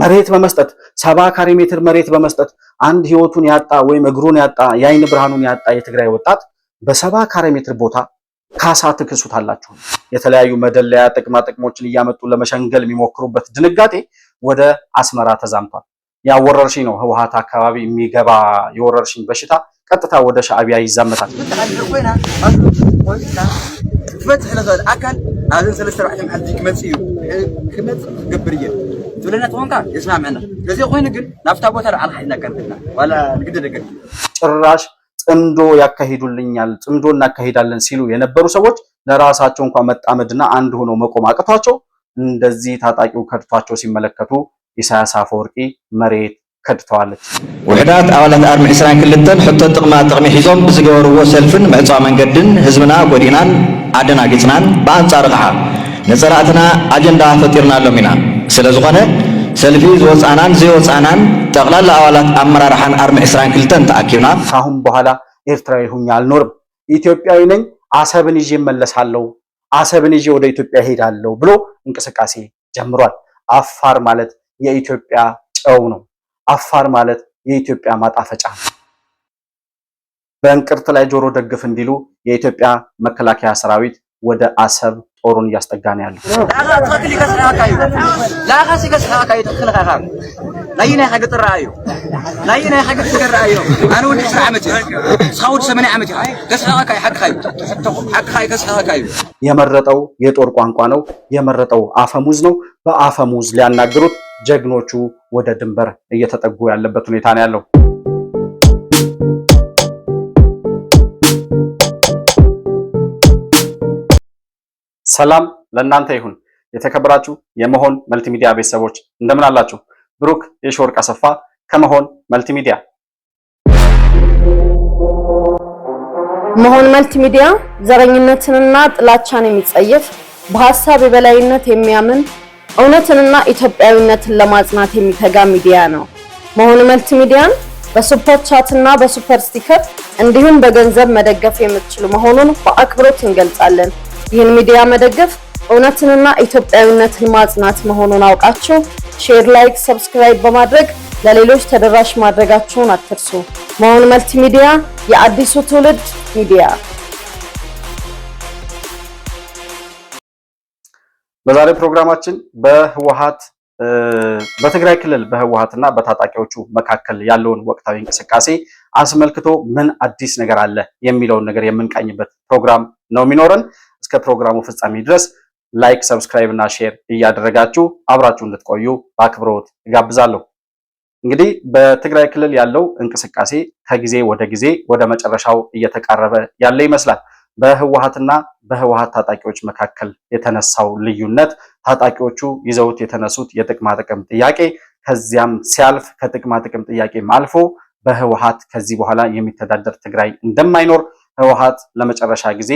መሬት በመስጠት ሰባ ካሬ ሜትር መሬት በመስጠት አንድ ህይወቱን ያጣ ወይም እግሩን ያጣ የአይን ብርሃኑን ያጣ የትግራይ ወጣት በሰባ ካሬ ሜትር ቦታ ካሳ ትክሱታላችሁ። የተለያዩ መደለያ ጥቅማ ጥቅሞችን እያመጡ ለመሸንገል የሚሞክሩበት ድንጋጤ ወደ አስመራ ተዛምቷል። ያ ወረርሽኝ ነው። ህወሓት አካባቢ የሚገባ የወረርሽኝ በሽታ ቀጥታ ወደ ሻዕቢያ ይዛመታል። እየ ዝብለና ተወንካ የስማመና ገዜ ኮይኑ ግን ናብታ ቦታ ረዓል ሓይናቀርብና ዋላ ንግድ ነገር ጭራሽ ጥምዶ ያካሂዱልኛል ጥምዶ እናካሂዳለን ሲሉ የነበሩ ሰዎች ለራሳቸው እንኳን መጣመድና አንድ ሆኖ መቆም አቅቷቸው እንደዚህ ታጣቂው ከድቷቸው ሲመለከቱ ኢሳያስ አፈወርቂ መሬት ከድተዋለች። ውሕዳት ኣባላት ኣርሚ 22 ሕቶ ጥቕማ ጥቕሚ ሒዞም ብዝገበርዎ ሰልፍን ምዕፃ መንገድን ህዝብና ጎዲናን ኣደናጊፅናን ብኣንጻር ከዓ ንፅራእትና ኣጀንዳ ፈጢርና ኣሎም ኢና ስለ ዝኾነ ሰልፊ ዝወፃናን ዘይወፃናን ጠቕላላ ኣባላት ኣመራርሓን ኣርሚ 22 ተኣኪብና ካሁን በኋላ ኤርትራዊ ሁኜ አልኖርም፣ ኢትዮጵያዊ ነኝ፣ አሰብን ይዤ እመለሳለሁ፣ አሰብን ይዤ ወደ ኢትዮጵያ ሄዳለሁ ብሎ እንቅስቃሴ ጀምሯል። አፋር ማለት የኢትዮጵያ ጨው ነው። አፋር ማለት የኢትዮጵያ ማጣፈጫ ነው። በእንቅርት ላይ ጆሮ ደግፍ እንዲሉ የኢትዮጵያ መከላከያ ሰራዊት ወደ አሰብ ጦሩን እያስጠጋ ነው ያለው። የመረጠው የጦር ቋንቋ ነው፣ የመረጠው አፈሙዝ ነው። በአፈሙዝ ሊያናግሩት ጀግኖቹ ወደ ድንበር እየተጠጉ ያለበት ሁኔታ ነው ያለው። ሰላም ለእናንተ ይሁን። የተከበራችሁ የመሆን መልቲሚዲያ ቤተሰቦች እንደምን አላችሁ? ብሩክ የሾር አሰፋ ከመሆን መልቲሚዲያ። መሆን መልቲሚዲያ ዘረኝነትንና ጥላቻን የሚጸየፍ በሀሳብ የበላይነት የሚያምን እውነትንና ኢትዮጵያዊነትን ለማጽናት የሚተጋ ሚዲያ ነው። መሆን መልቲሚዲያን በሱፐር ቻት እና በሱፐር ስቲከር እንዲሁም በገንዘብ መደገፍ የምትችሉ መሆኑን በአክብሮት እንገልጻለን። ይህን ሚዲያ መደገፍ እውነትንና ኢትዮጵያዊነትን ማጽናት መሆኑን አውቃችሁ ሼር፣ ላይክ፣ ሰብስክራይብ በማድረግ ለሌሎች ተደራሽ ማድረጋችሁን አትርሱ። መሆን መልቲሚዲያ ሚዲያ የአዲሱ ትውልድ ሚዲያ። በዛሬ ፕሮግራማችን በህወሓት በትግራይ ክልል በህወሓትና በታጣቂዎቹ መካከል ያለውን ወቅታዊ እንቅስቃሴ አስመልክቶ ምን አዲስ ነገር አለ የሚለውን ነገር የምንቃኝበት ፕሮግራም ነው የሚኖረን። እስከ ፕሮግራሙ ፍጻሜ ድረስ ላይክ፣ ሰብስክራይብ እና ሼር እያደረጋችሁ አብራችሁ እንድትቆዩ በአክብሮት እጋብዛለሁ። እንግዲህ በትግራይ ክልል ያለው እንቅስቃሴ ከጊዜ ወደ ጊዜ ወደ መጨረሻው እየተቃረበ ያለ ይመስላል። በህወሓትና በህወሓት ታጣቂዎች መካከል የተነሳው ልዩነት ታጣቂዎቹ ይዘውት የተነሱት የጥቅማ ጥቅም ጥያቄ ከዚያም ሲያልፍ ከጥቅማ ጥቅም ጥያቄም አልፎ በህወሓት ከዚህ በኋላ የሚተዳደር ትግራይ እንደማይኖር ህወሓት ለመጨረሻ ጊዜ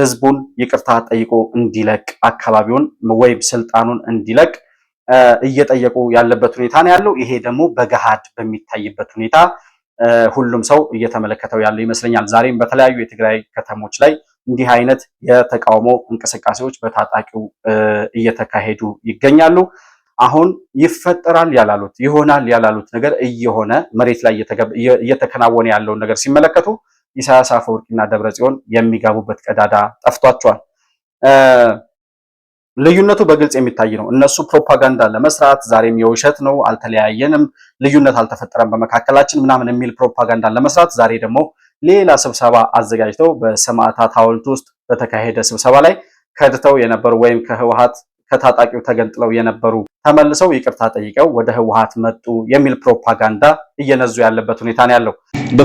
ህዝቡን ይቅርታ ጠይቆ እንዲለቅ አካባቢውን ወይም ስልጣኑን እንዲለቅ እየጠየቁ ያለበት ሁኔታ ነው ያለው። ይሄ ደግሞ በገሃድ በሚታይበት ሁኔታ ሁሉም ሰው እየተመለከተው ያለው ይመስለኛል። ዛሬም በተለያዩ የትግራይ ከተሞች ላይ እንዲህ አይነት የተቃውሞ እንቅስቃሴዎች በታጣቂው እየተካሄዱ ይገኛሉ። አሁን ይፈጠራል ያላሉት ይሆናል ያላሉት ነገር እየሆነ መሬት ላይ እየተከናወነ ያለውን ነገር ሲመለከቱ ኢሳያስ አፈወርቂና ደብረ ጽዮን የሚጋቡበት ቀዳዳ ጠፍቷቸዋል። ልዩነቱ በግልጽ የሚታይ ነው። እነሱ ፕሮፓጋንዳ ለመስራት ዛሬም የውሸት ነው አልተለያየንም፣ ልዩነት አልተፈጠረም በመካከላችን ምናምን የሚል ፕሮፓጋንዳ ለመስራት ዛሬ ደግሞ ሌላ ስብሰባ አዘጋጅተው በሰማዕታት ሐውልት ውስጥ በተካሄደ ስብሰባ ላይ ከድተው የነበሩ ወይም ከህወሓት ከታጣቂው ተገንጥለው የነበሩ ተመልሰው ይቅርታ ጠይቀው ወደ ህወሓት መጡ የሚል ፕሮፓጋንዳ እየነዙ ያለበት ሁኔታ ነው ያለው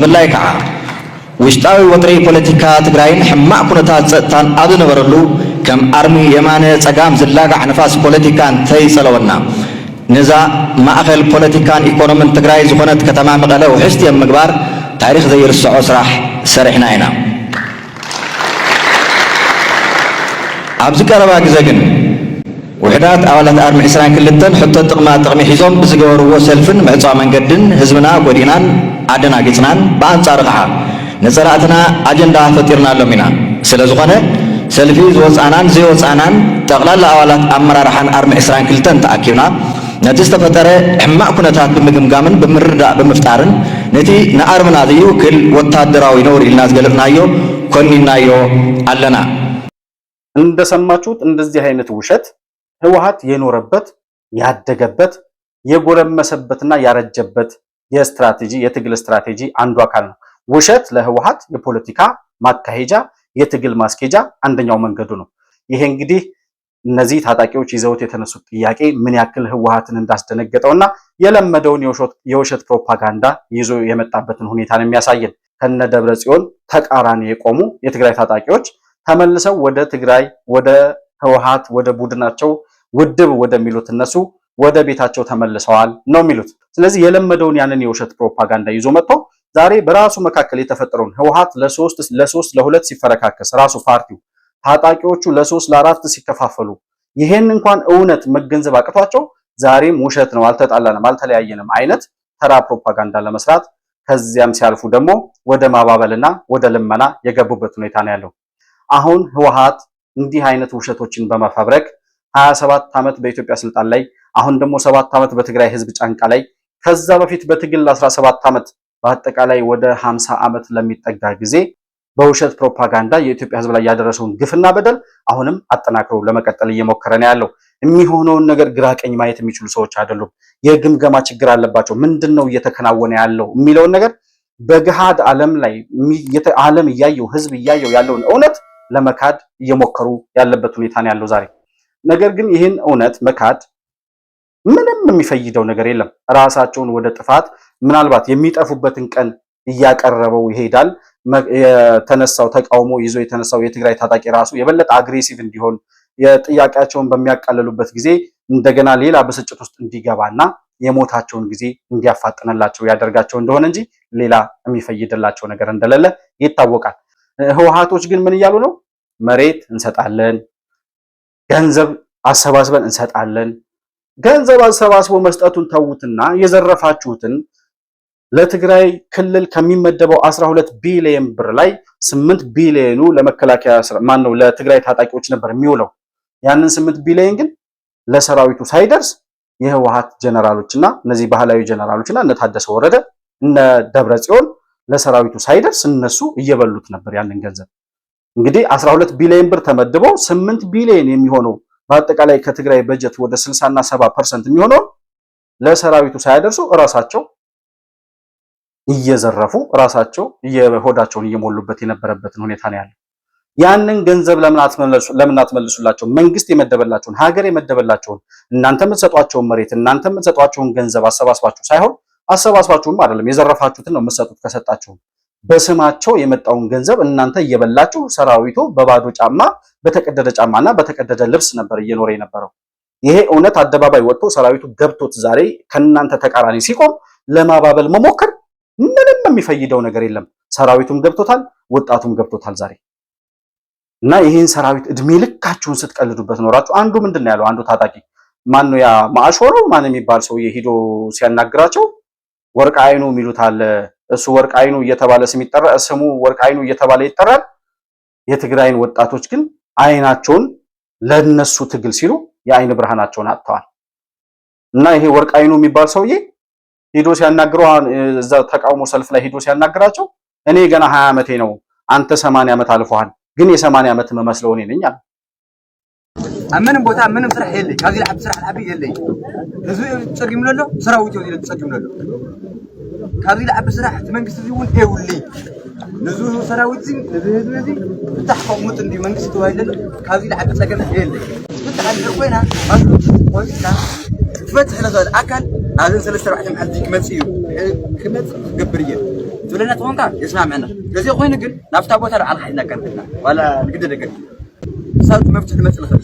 በላይ ውሽጣዊ ወጥሪ ፖለቲካ ትግራይን ሕማቅ ኩነታት ፀጥታን ኣብ ዝነበረሉ ከም ኣርሚ የማነ ፀጋም ዝላጋዕ ንፋስ ፖለቲካ እንተይፀለወና ንዛ ማእኸል ፖለቲካን ኢኮኖምን ትግራይ ዝኾነት ከተማ መቐለ ውሕስት እዮም ምግባር ታሪክ ዘይርስዖ ስራሕ ሰሪሕና ኢና ኣብዚ ቀረባ ግዜ ግን ውሕዳት ኣባላት ኣርሚ 22 ሕቶ ጥቕማ ጥቕሚ ሒዞም ብዝገበርዎ ሰልፍን ምዕፃ መንገድን ህዝብና ጎዲናን ኣደናጊፅናን ብኣንጻር ከዓ ንፅራእትና ኣጀንዳ ፈጢርና ኣሎም ኢና ስለ ዝኾነ ሰልፊ ዝወፃናን ዘይወፃናን ጠቕላላ ኣባላት ኣመራርሓን ኣርሚ 22 ተኣኪብና ነቲ ዝተፈጠረ ሕማቅ ኩነታት ብምግምጋምን ብምርዳእ ብምፍጣርን ነቲ ንኣርምና ዘይውክል ወታደራዊ ነውሪ ኢልና ዝገለፅናዮ ኮኒናዮ ኣለና። እንደሰማችሁት እንደዚህ አይነት ውሸት ህወሓት የኖረበት ያደገበት የጎለመሰበትና ያረጀበት የስትራቴጂ የትግል ስትራቴጂ አንዱ አካል ነው። ውሸት ለህወሓት የፖለቲካ ማካሄጃ የትግል ማስኬጃ አንደኛው መንገዱ ነው። ይሄ እንግዲህ እነዚህ ታጣቂዎች ይዘውት የተነሱት ጥያቄ ምን ያክል ህወሓትን እና የለመደውን የውሸት ፕሮፓጋንዳ ይዞ የመጣበትን ሁኔታ ነው የሚያሳየን። ከነ ደብረ ጽዮን ተቃራኒ የቆሙ የትግራይ ታጣቂዎች ተመልሰው ወደ ትግራይ ወደ ህወሓት ወደ ቡድናቸው ውድብ ወደሚሉት እነሱ ወደ ቤታቸው ተመልሰዋል ነው የሚሉት። ስለዚህ የለመደውን ያንን የውሸት ፕሮፓጋንዳ ይዞ መጥተው ዛሬ በራሱ መካከል የተፈጠረውን ህወሓት ለሶስት ለሶስት ለሁለት ሲፈረካከስ ራሱ ፓርቲው ታጣቂዎቹ ለሶስት ለአራት ሲከፋፈሉ ይሄን እንኳን እውነት መገንዘብ አቅቷቸው ዛሬም ውሸት ነው፣ አልተጣላንም፣ አልተለያየንም አይነት ተራ ፕሮፓጋንዳ ለመስራት ከዚያም ሲያልፉ ደግሞ ወደ ማባበልና ወደ ልመና የገቡበት ሁኔታ ነው ያለው። አሁን ህወሓት እንዲህ አይነት ውሸቶችን በመፈብረክ 27 ዓመት በኢትዮጵያ ስልጣን ላይ አሁን ደግሞ ሰባት ዓመት በትግራይ ህዝብ ጫንቃ ላይ ከዛ በፊት በትግል 17 ዓመት በአጠቃላይ ወደ 50 ዓመት ለሚጠጋ ጊዜ በውሸት ፕሮፓጋንዳ የኢትዮጵያ ሕዝብ ላይ ያደረሰውን ግፍና በደል አሁንም አጠናክሮ ለመቀጠል እየሞከረ ነው ያለው። የሚሆነውን ነገር ግራቀኝ ማየት የሚችሉ ሰዎች አይደሉም። የግምገማ ችግር አለባቸው። ምንድን ነው እየተከናወነ ያለው የሚለውን ነገር በገሃድ ዓለም ላይ ዓለም እያየው ሕዝብ እያየው ያለውን እውነት ለመካድ እየሞከሩ ያለበት ሁኔታ ነው ያለው ዛሬ። ነገር ግን ይህን እውነት መካድ ምንም የሚፈይደው ነገር የለም። ራሳቸውን ወደ ጥፋት ምናልባት የሚጠፉበትን ቀን እያቀረበው ይሄዳል። የተነሳው ተቃውሞ ይዞ የተነሳው የትግራይ ታጣቂ ራሱ የበለጠ አግሬሲቭ እንዲሆን የጥያቄያቸውን በሚያቃለሉበት ጊዜ እንደገና ሌላ ብስጭት ውስጥ እንዲገባና የሞታቸውን ጊዜ እንዲያፋጥንላቸው ያደርጋቸው እንደሆነ እንጂ ሌላ የሚፈይድላቸው ነገር እንደሌለ ይታወቃል። ህወሓቶች ግን ምን እያሉ ነው? መሬት እንሰጣለን፣ ገንዘብ አሰባስበን እንሰጣለን ገንዘብ አሰባስቦ መስጠቱን ተዉትና የዘረፋችሁትን ለትግራይ ክልል ከሚመደበው 12 ቢሊዮን ብር ላይ 8 ቢሊዮኑ ለመከላከያ ማን ነው ለትግራይ ታጣቂዎች ነበር የሚውለው። ያንን 8 ቢሊዮን ግን ለሰራዊቱ ሳይደርስ የህወሓት ጀነራሎችና እነዚህ ባህላዊ ጀነራሎችና እነ ታደሰ ወረደ እነ ደብረ ጽዮን ለሰራዊቱ ሳይደርስ እነሱ እየበሉት ነበር ያንን ገንዘብ። እንግዲህ 12 ቢሊዮን ብር ተመድቦ 8 ቢሊዮን የሚሆነው በአጠቃላይ ከትግራይ በጀት ወደ 60 እና 70 ፐርሰንት የሚሆነው ለሰራዊቱ ሳያደርሱ እራሳቸው እየዘረፉ እራሳቸው የሆዳቸውን እየሞሉበት የነበረበትን ሁኔታ ነው ያለው። ያንን ገንዘብ ለምን አትመልሱላቸው? መንግስት የመደበላቸውን ሀገር የመደበላቸውን እናንተ የምትሰጧቸውን መሬት እናንተ የምትሰጧቸውን ገንዘብ አሰባስባችሁ ሳይሆን አሰባስባችሁም አይደለም የዘረፋችሁትን ነው የምትሰጡት። ከሰጣችሁም በስማቸው የመጣውን ገንዘብ እናንተ እየበላችሁ ሰራዊቱ በባዶ ጫማ በተቀደደ ጫማና በተቀደደ ልብስ ነበር እየኖረ የነበረው። ይሄ እውነት አደባባይ ወጥቶ ሰራዊቱ ገብቶት ዛሬ ከእናንተ ተቃራኒ ሲቆም ለማባበል መሞከር ምንም የሚፈይደው ነገር የለም። ሰራዊቱም ገብቶታል፣ ወጣቱም ገብቶታል ዛሬ እና ይህን ሰራዊት እድሜ ልካችሁን ስትቀልዱበት ኖራችሁ። አንዱ ምንድን ነው ያለው? አንዱ ታጣቂ ማን ያ ማአሾሮ ማን የሚባል ሰው ሂዶ ሲያናግራቸው ወርቅ አይኑ የሚሉት አለ። እሱ ወርቅ አይኑ እየተባለ ስሙ ይጠራ ስሙ ወርቅ አይኑ እየተባለ ይጠራል። የትግራይን ወጣቶች ግን አይናቸውን ለነሱ ትግል ሲሉ የአይን ብርሃናቸውን አጥተዋል። እና ይሄ ወርቅ አይኑ የሚባል ሰውዬ ሂዶ ሲያናግረው እዛ ተቃውሞ ሰልፍ ላይ ሂዶ ሲያናግራቸው እኔ ገና 20 ዓመቴ ነው አንተ 80 ዓመት አልፈዋል፣ ግን የ80 ዓመት መመስለው እኔ ነኝ አለ። ምንም ቦታ ምንም ስራሕ የለይ ካብዚ ልዓቢ ስራሕ ልዓቢ የለይ ህዝቢ ተፀጊሙ ዘሎ ሰራዊት ተፀጊሙ ዘሎ ካብዚ ልዓቢ ስራሕ እቲ መንግስቲ እውን የውልይ ንዙ ሰራዊት እዚ ህዝቢ እዚ ብታሕ ከምኡት እንዲ መንግስቲ ተባሂሉ ካብዚ ላዓቢ ፀገም የለ ብትዓ ንድር ኮይና ኣብቲ ቆይትካ ክበፅሕ ንኽእል ኣካል ኣብዘን ሰለስተ ኣርባዕተ መዓልቲ ክመፅእ እዩ ክመፅእ ክገብር እየ ትብለና ተኾንካ የስማምዐና ገዜ ኮይኑ ግን ናብታ ቦታ ልዓል ሓይልና ከንትና ዋላ ንግደደገ ክሳብ መብትሕ ንመፅእ ንኽእል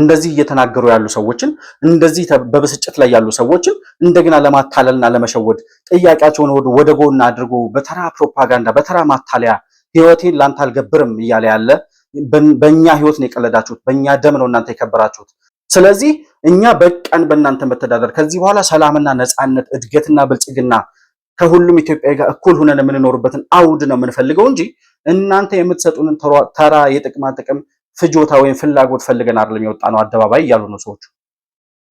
እንደዚህ እየተናገሩ ያሉ ሰዎችን እንደዚህ በብስጭት ላይ ያሉ ሰዎችን እንደገና ለማታለልና ለመሸወድ ጥያቄያቸውን ወደ ጎን አድርጎ በተራ ፕሮፓጋንዳ በተራ ማታለያ ህይወቴን ላንተ አልገብርም እያለ ያለ በእኛ ህይወት ነው የቀለዳችሁት፣ በእኛ ደም ነው እናንተ የከበራችሁት። ስለዚህ እኛ በቃን በእናንተ መተዳደር። ከዚህ በኋላ ሰላምና ነፃነት፣ እድገትና ብልጽግና ከሁሉም ኢትዮጵያዊ ጋር እኩል ሆነን የምንኖርበትን አውድ ነው የምንፈልገው እንጂ እናንተ የምትሰጡንን ተራ የጥቅማ ጥቅም ፍጆታ ወይም ፍላጎት ፈልገን አይደለም የወጣ ነው አደባባይ እያሉ ነው ሰዎቹ።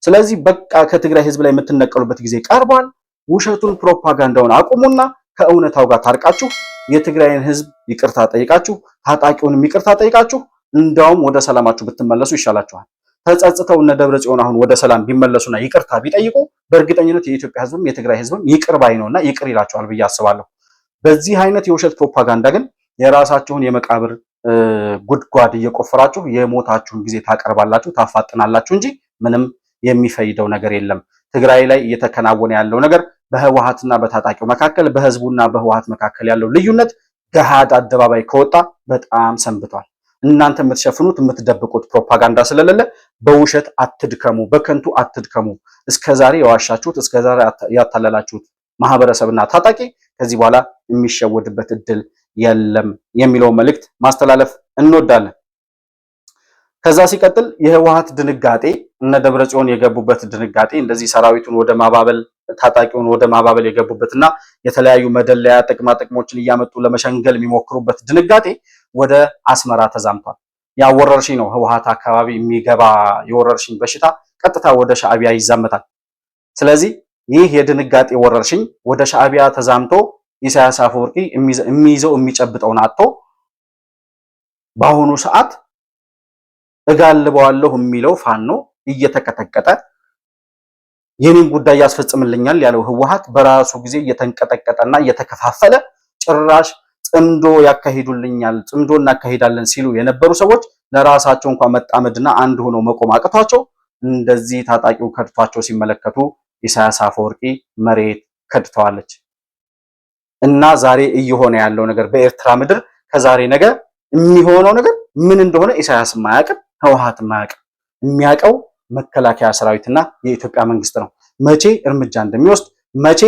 ስለዚህ በቃ ከትግራይ ህዝብ ላይ የምትነቀሉበት ጊዜ ቀርቧል። ውሸቱን ፕሮፓጋንዳውን አቁሙና ከእውነታው ጋር ታርቃችሁ የትግራይን ህዝብ ይቅርታ ጠይቃችሁ ታጣቂውንም ይቅርታ ጠይቃችሁ እንዳውም ወደ ሰላማችሁ ብትመለሱ ይሻላችኋል። ተጸጽተው እነ ደብረ ጽዮን አሁን ወደ ሰላም ቢመለሱና ይቅርታ ቢጠይቁ በእርግጠኝነት የኢትዮጵያ ህዝብም የትግራይ ህዝብም ይቅር ባይ ነውና ይቅር ይላቸዋል ብዬ አስባለሁ። በዚህ አይነት የውሸት ፕሮፓጋንዳ ግን የራሳችሁን የመቃብር ጉድጓድ እየቆፈራችሁ የሞታችሁን ጊዜ ታቀርባላችሁ፣ ታፋጥናላችሁ እንጂ ምንም የሚፈይደው ነገር የለም። ትግራይ ላይ እየተከናወነ ያለው ነገር በህዋሃትና በታጣቂው መካከል በህዝቡና በህዋሃት መካከል ያለው ልዩነት ገሃድ አደባባይ ከወጣ በጣም ሰንብቷል። እናንተ የምትሸፍኑት የምትደብቁት ፕሮፓጋንዳ ስለሌለ በውሸት አትድከሙ፣ በከንቱ አትድከሙ። እስከዛሬ የዋሻችሁት እስከዛሬ ያታለላችሁት ማህበረሰብና ታጣቂ ከዚህ በኋላ የሚሸወድበት እድል የለም የሚለውን መልእክት ማስተላለፍ እንወዳለን። ከዛ ሲቀጥል የህወሀት ድንጋጤ እነ ደብረጽዮን የገቡበት ድንጋጤ እንደዚህ ሰራዊቱን ወደ ማባበል ታጣቂውን ወደ ማባበል የገቡበትና የተለያዩ መደለያ ጥቅማ ጥቅሞችን እያመጡ ለመሸንገል የሚሞክሩበት ድንጋጤ ወደ አስመራ ተዛምቷል። ያ ወረርሽኝ ነው። ህወሓት አካባቢ የሚገባ የወረርሽኝ በሽታ ቀጥታ ወደ ሻዕቢያ ይዛመታል። ስለዚህ ይህ የድንጋጤ ወረርሽኝ ወደ ሻዕቢያ ተዛምቶ ኢሳያስ አፈወርቂ የሚይዘው የሚጨብጠውን አጥቶ በአሁኑ ሰዓት እጋልበዋለሁ የሚለው ፋኖ እየተቀጠቀጠ የኔን ጉዳይ ያስፈጽምልኛል ያለው ህወሓት በራሱ ጊዜ እየተንቀጠቀጠና እየተከፋፈለ ጭራሽ ጥምዶ ያካሂዱልኛል፣ ጥምዶ እናካሂዳለን ሲሉ የነበሩ ሰዎች ለራሳቸው እንኳን መጣመድና አንድ ሆነው መቆም አቅቷቸው እንደዚህ ታጣቂው ከድቷቸው ሲመለከቱ ኢሳያስ አፈወርቂ መሬት ከድተዋለች እና ዛሬ እየሆነ ያለው ነገር በኤርትራ ምድር ከዛሬ ነገ የሚሆነው ነገር ምን እንደሆነ ኢሳያስ ማያቅም ህወሓት ማያውቅም። የሚያቀው መከላከያ ሰራዊትና የኢትዮጵያ መንግስት ነው። መቼ እርምጃ እንደሚወስድ መቼ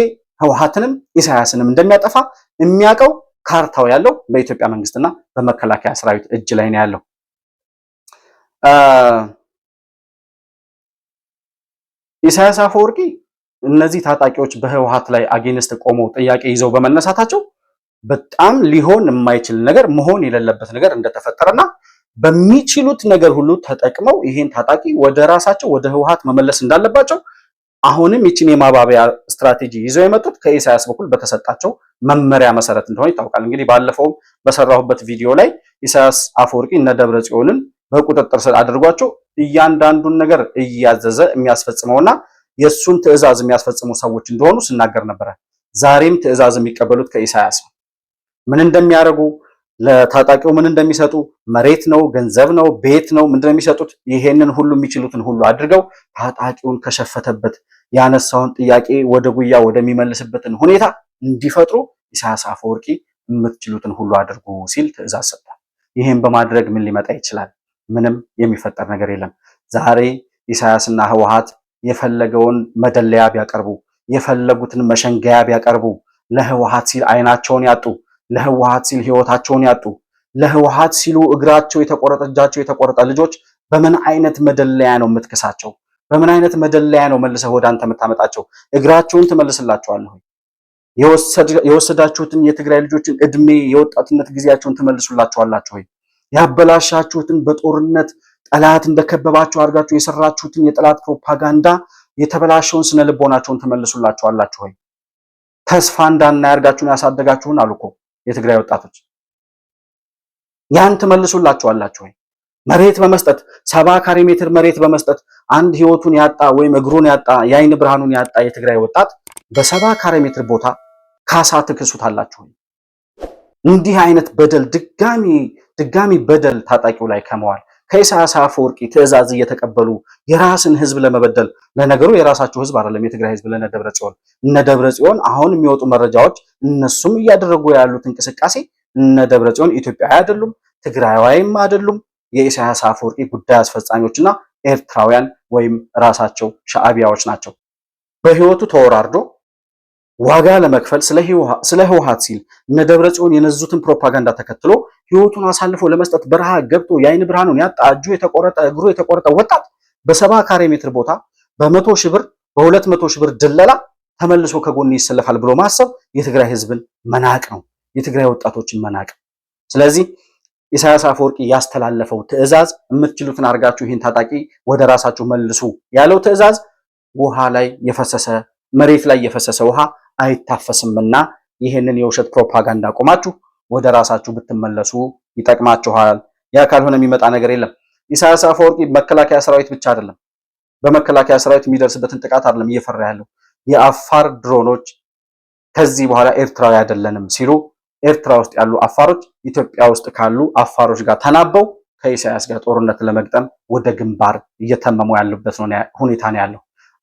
ህወሓትንም ኢሳያስንም እንደሚያጠፋ የሚያቀው ካርታው ያለው በኢትዮጵያ መንግስትና በመከላከያ ሰራዊት እጅ ላይ ነው ያለው። ኢሳያስ አፈወርቂ እነዚህ ታጣቂዎች በህወሓት ላይ አጌንስት ቆመው ጥያቄ ይዘው በመነሳታቸው በጣም ሊሆን የማይችል ነገር መሆን የሌለበት ነገር እንደተፈጠረና በሚችሉት ነገር ሁሉ ተጠቅመው ይህን ታጣቂ ወደ ራሳቸው ወደ ህወሓት መመለስ እንዳለባቸው አሁንም ይችን የማባቢያ ስትራቴጂ ይዘው የመጡት ከኢሳያስ በኩል በተሰጣቸው መመሪያ መሰረት እንደሆነ ይታወቃል። እንግዲህ ባለፈውም በሰራሁበት ቪዲዮ ላይ ኢሳያስ አፈወርቂ እነ ደብረ ጽዮንን በቁጥጥር ስር አድርጓቸው እያንዳንዱን ነገር እያዘዘ የሚያስፈጽመውና የእሱን ትዕዛዝ የሚያስፈጽሙ ሰዎች እንደሆኑ ስናገር ነበረ። ዛሬም ትዕዛዝ የሚቀበሉት ከኢሳያስ ነው። ምን እንደሚያደርጉ ለታጣቂው ምን እንደሚሰጡ መሬት ነው፣ ገንዘብ ነው፣ ቤት ነው፣ ምንድን ነው የሚሰጡት? ይሄንን ሁሉ የሚችሉትን ሁሉ አድርገው ታጣቂውን ከሸፈተበት ያነሳውን ጥያቄ ወደ ጉያ ወደሚመልስበትን ሁኔታ እንዲፈጥሩ ኢሳያስ አፈወርቂ የምትችሉትን ሁሉ አድርጉ ሲል ትዕዛዝ ሰጥቷል። ይህም በማድረግ ምን ሊመጣ ይችላል? ምንም የሚፈጠር ነገር የለም። ዛሬ ኢሳያስና ህወሓት የፈለገውን መደለያ ቢያቀርቡ፣ የፈለጉትን መሸንገያ ቢያቀርቡ፣ ለህወሓት ሲል አይናቸውን ያጡ ለህወሓት ሲል ህይወታቸውን ያጡ ለህወሓት ሲሉ እግራቸው የተቆረጠ እጃቸው የተቆረጠ ልጆች በምን አይነት መደለያ ነው የምትክሳቸው? በምን አይነት መደለያ ነው መልሰህ ወደ አንተ የምታመጣቸው? እግራቸውን ትመልስላቸዋለህ? የወሰዳችሁትን የትግራይ ልጆችን እድሜ የወጣትነት ጊዜያቸውን ትመልሱላቸዋላችሁ ወይ? ያበላሻችሁትን በጦርነት ጠላት እንደከበባችሁ አድርጋችሁ የሰራችሁትን የጠላት ፕሮፓጋንዳ የተበላሸውን ስነ ልቦናቸውን ትመልሱላቸዋላችሁ ወይ? ተስፋ እንዳና አድርጋችሁን ያሳደጋችሁን አሉ እኮ የትግራይ ወጣቶች ያን ትመልሱላችኋላችሁ ወይ? መሬት በመስጠት ሰባ ካሬ ሜትር መሬት በመስጠት አንድ ህይወቱን ያጣ ወይም እግሩን ያጣ የአይን ብርሃኑን ያጣ የትግራይ ወጣት በሰባ ካሬ ሜትር ቦታ ካሳ ትክሱታላችሁ ወይ? እንዲህ አይነት በደል ድጋሚ ድጋሚ በደል ታጣቂው ላይ ከመዋል ከኢሳያስ አፈወርቂ ትዕዛዝ እየተቀበሉ የራስን ህዝብ ለመበደል ለነገሩ የራሳቸው ህዝብ አይደለም የትግራይ ህዝብ ለነ ደብረ ጽዮን እነ ደብረ ጽዮን አሁን የሚወጡ መረጃዎች እነሱም እያደረጉ ያሉት እንቅስቃሴ እነ ደብረ ጽዮን ኢትዮጵያዊ አይደሉም፣ ትግራዋይም አይደሉም። የኢሳያስ አፈወርቂ ጉዳይ አስፈጻሚዎችና ኤርትራውያን ወይም ራሳቸው ሻዕቢያዎች ናቸው። በህይወቱ ተወራርዶ ዋጋ ለመክፈል ስለ ህወሓት ሲል እነ ደብረ ጽዮን የነዙትን ፕሮፓጋንዳ ተከትሎ ህይወቱን አሳልፎ ለመስጠት በረሃ ገብቶ የአይን ብርሃኑን ያጣ እጁ የተቆረጠ እግሩ የተቆረጠ ወጣት በሰባ ካሬ ሜትር ቦታ በመቶ ሺህ ብር በሁለት መቶ ሺህ ብር ድለላ ተመልሶ ከጎን ይሰለፋል ብሎ ማሰብ የትግራይ ህዝብን መናቅ ነው፣ የትግራይ ወጣቶችን መናቅ። ስለዚህ ኢሳያስ አፈወርቂ ያስተላለፈው ትዕዛዝ የምትችሉትን አድርጋችሁ ይህን ታጣቂ ወደ ራሳችሁ መልሱ ያለው ትዕዛዝ ውሃ ላይ የፈሰሰ መሬት ላይ የፈሰሰ ውሃ አይታፈስምና ይህንን የውሸት ፕሮፓጋንዳ ቆማችሁ ወደ ራሳችሁ ብትመለሱ ይጠቅማችኋል። ያ ካልሆነ የሚመጣ ነገር የለም። ኢሳያስ አፈወርቂ መከላከያ ሰራዊት ብቻ አይደለም፣ በመከላከያ ሰራዊት የሚደርስበትን ጥቃት አይደለም እየፈራ ያለው የአፋር ድሮኖች ከዚህ በኋላ ኤርትራዊ አይደለንም ሲሉ ኤርትራ ውስጥ ያሉ አፋሮች ኢትዮጵያ ውስጥ ካሉ አፋሮች ጋር ተናበው ከኢሳያስ ጋር ጦርነት ለመግጠም ወደ ግንባር እየተመሙ ያሉበት ሁኔታ ነው ያለው።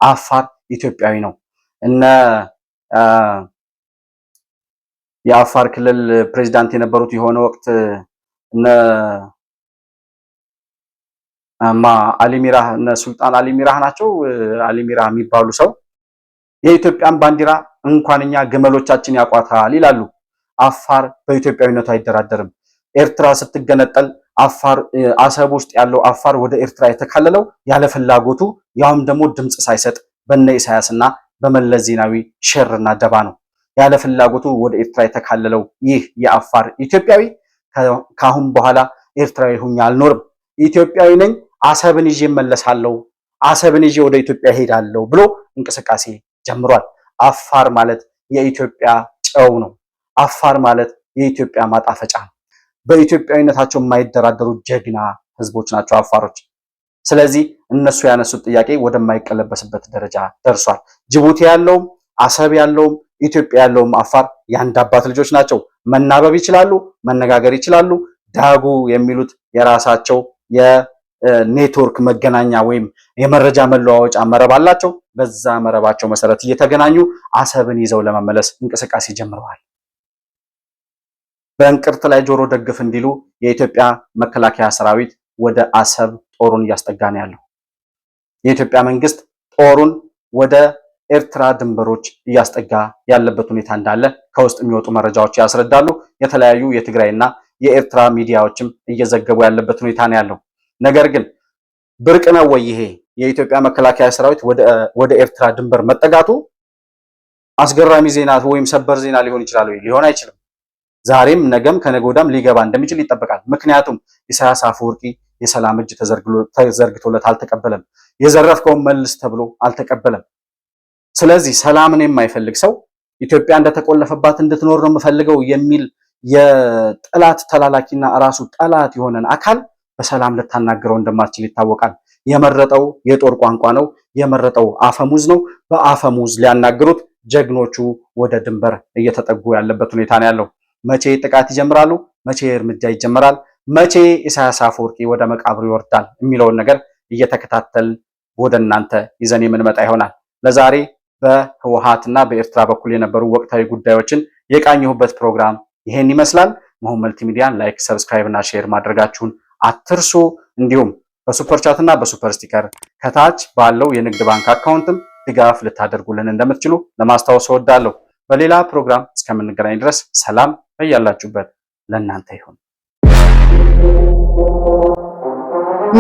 አፋር ኢትዮጵያዊ ነው እነ የአፋር ክልል ፕሬዚዳንት የነበሩት የሆነ ወቅት እነ ማ አሊሚራ እነ ሱልጣን አሊሚራህ ናቸው። አሊሚራህ የሚባሉ ሰው የኢትዮጵያን ባንዲራ እንኳን እኛ ግመሎቻችን ያቋታል ይላሉ። አፋር በኢትዮጵያዊነቱ አይደራደርም። ኤርትራ ስትገነጠል አፋር አሰብ ውስጥ ያለው አፋር ወደ ኤርትራ የተካለለው ያለ ፍላጎቱ ያውም ደግሞ ድምፅ ሳይሰጥ በነ ኢሳያስና በመለስ ዜናዊ ሸርና ደባ ነው። ያለ ፍላጎቱ ወደ ኤርትራ የተካለለው ይህ የአፋር ኢትዮጵያዊ ከአሁን በኋላ ኤርትራዊ ሁኜ አልኖርም፣ ኢትዮጵያዊ ነኝ፣ አሰብን ይዤ እመለሳለሁ፣ አሰብን ይዤ ወደ ኢትዮጵያ እሄዳለሁ ብሎ እንቅስቃሴ ጀምሯል። አፋር ማለት የኢትዮጵያ ጨው ነው። አፋር ማለት የኢትዮጵያ ማጣፈጫ ነው። በኢትዮጵያዊነታቸው የማይደራደሩ ጀግና ህዝቦች ናቸው አፋሮች። ስለዚህ እነሱ ያነሱት ጥያቄ ወደማይቀለበስበት ደረጃ ደርሷል። ጅቡቲ ያለውም አሰብ ያለውም ኢትዮጵያ ያለውም አፋር የአንድ አባት ልጆች ናቸው። መናበብ ይችላሉ፣ መነጋገር ይችላሉ። ዳጉ የሚሉት የራሳቸው የኔትወርክ መገናኛ ወይም የመረጃ መለዋወጫ መረብ አላቸው። በዛ መረባቸው መሰረት እየተገናኙ አሰብን ይዘው ለመመለስ እንቅስቃሴ ጀምረዋል። በእንቅርት ላይ ጆሮ ደግፍ እንዲሉ የኢትዮጵያ መከላከያ ሰራዊት ወደ አሰብ ጦሩን እያስጠጋ ነው ያለው። የኢትዮጵያ መንግስት ጦሩን ወደ ኤርትራ ድንበሮች እያስጠጋ ያለበት ሁኔታ እንዳለ ከውስጥ የሚወጡ መረጃዎች ያስረዳሉ። የተለያዩ የትግራይና የኤርትራ ሚዲያዎችም እየዘገቡ ያለበት ሁኔታ ነው ያለው። ነገር ግን ብርቅ ነው ወይ ይሄ የኢትዮጵያ መከላከያ ሰራዊት ወደ ኤርትራ ድንበር መጠጋቱ አስገራሚ ዜና ወይም ሰበር ዜና ሊሆን ይችላል ወይ? ሊሆን አይችልም። ዛሬም ነገም ከነጎዳም ሊገባ እንደሚችል ይጠበቃል። ምክንያቱም ኢሳያስ አፈወርቂ የሰላም እጅ ተዘርግቶለት አልተቀበለም። የዘረፍከውን መልስ ተብሎ አልተቀበለም። ስለዚህ ሰላምን የማይፈልግ ሰው ኢትዮጵያ እንደተቆለፈባት እንድትኖር ነው የምፈልገው የሚል የጠላት ተላላኪና ራሱ ጠላት የሆነን አካል በሰላም ልታናግረው እንደማትችል ይታወቃል። የመረጠው የጦር ቋንቋ ነው፣ የመረጠው አፈሙዝ ነው። በአፈሙዝ ሊያናግሩት ጀግኖቹ ወደ ድንበር እየተጠጉ ያለበት ሁኔታ ነው ያለው። መቼ ጥቃት ይጀምራሉ? መቼ እርምጃ ይጀምራል? መቼ ኢሳያስ አፈወርቂ ወደ መቃብሩ ይወርዳል? የሚለውን ነገር እየተከታተል ወደ እናንተ ይዘን የምንመጣ ይሆናል ለዛሬ በህወሀትና በኤርትራ በኩል የነበሩ ወቅታዊ ጉዳዮችን የቃኘሁበት ፕሮግራም ይሄን ይመስላል። መሆን መልቲሚዲያን ላይክ፣ ሰብስክራይብ እና ሼር ማድረጋችሁን አትርሱ። እንዲሁም በሱፐር ቻት እና በሱፐር ስቲከር ከታች ባለው የንግድ ባንክ አካውንትም ድጋፍ ልታደርጉልን እንደምትችሉ ለማስታወስ እወዳለሁ። በሌላ ፕሮግራም እስከምንገናኝ ድረስ ሰላም በያላችሁበት ለእናንተ ይሁን።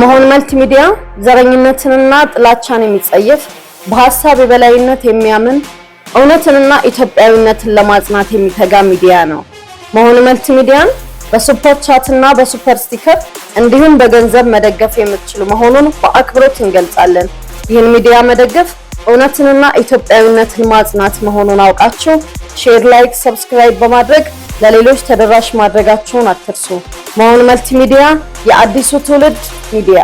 መሆን መልቲሚዲያ ዘረኝነትንና ጥላቻን የሚጸየፍ በሀሳብ የበላይነት የሚያምን እውነትንና ኢትዮጵያዊነትን ለማጽናት የሚተጋ ሚዲያ ነው። ሞኑመንት ሚዲያን በሱፐር ቻት እና በሱፐር ስቲከር እንዲሁም በገንዘብ መደገፍ የምትችሉ መሆኑን በአክብሮት እንገልጻለን። ይህን ሚዲያ መደገፍ እውነትንና ኢትዮጵያዊነትን ማጽናት መሆኑን አውቃችሁ ሼር፣ ላይክ፣ ሰብስክራይብ በማድረግ ለሌሎች ተደራሽ ማድረጋችሁን አትርሱ። መሆን መልቲ ሚዲያ የአዲሱ ትውልድ ሚዲያ